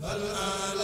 bal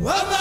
wa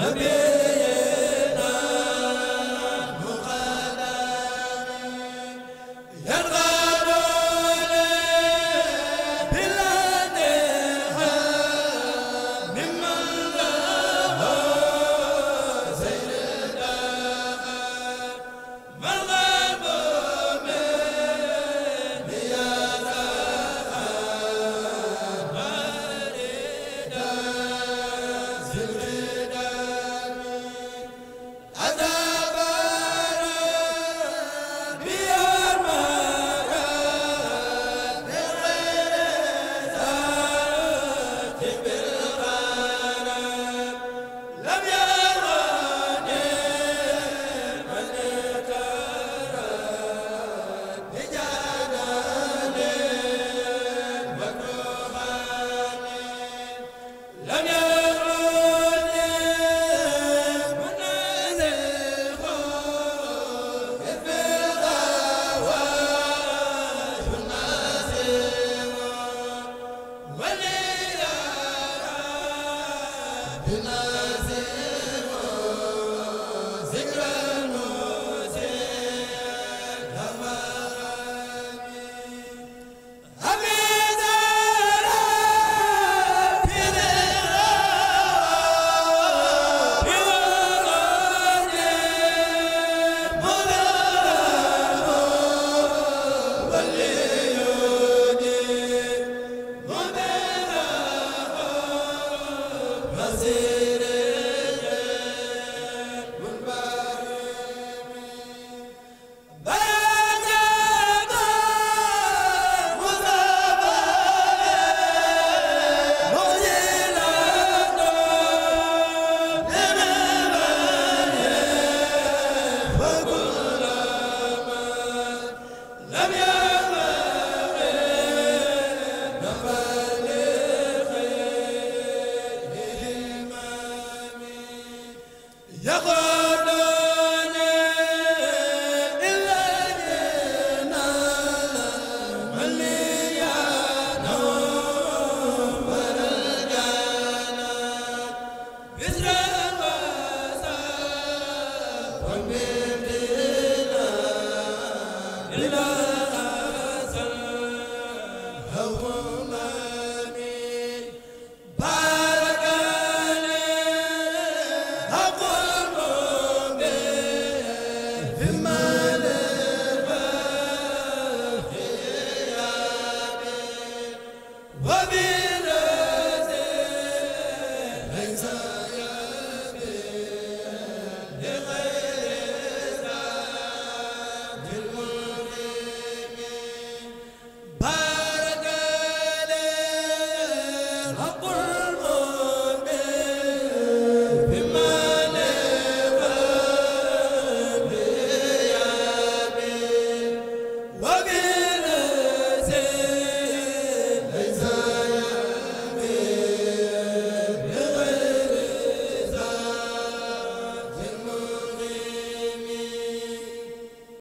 Amiin